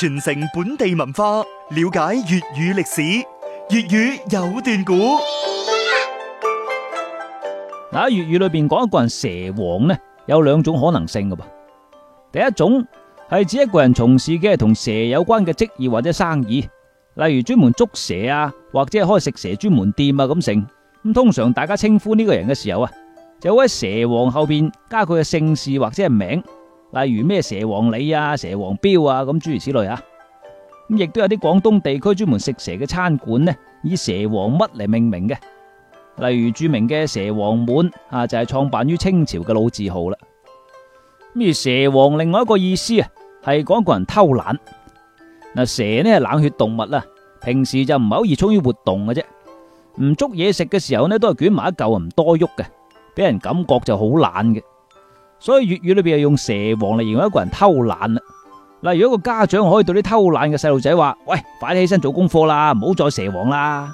傳承本地文化，了解粵語歷史，粵語有段古。喺粵 語裏邊講一個人蛇王呢，有兩種可能性噶噃。第一種係指一個人從事嘅同蛇有關嘅職業或者生意，例如專門捉蛇啊，或者開食蛇專門店啊咁成。咁通常大家稱呼呢個人嘅時候啊，就會喺蛇王後邊加佢嘅姓氏或者係名。例如咩蛇王李啊、蛇王彪啊咁諸如此類吓、啊，咁亦都有啲廣東地區專門食蛇嘅餐館呢，以蛇王乜嚟命名嘅。例如著名嘅蛇王滿啊，就係、是、創辦於清朝嘅老字號啦。咩蛇王另外一個意思啊，係講一個人偷懶。嗱，蛇呢係冷血動物啦，平時就唔係好易衷熱衷於活動嘅啫，唔捉嘢食嘅時候呢，都係捲埋一嚿唔多喐嘅，俾人感覺就好懶嘅。所以粵語裏邊係用蛇王嚟形容一個人偷懶啦。嗱，如果個家長可以對啲偷懶嘅細路仔話：喂，快啲起身做功課啦，唔好再蛇王啦！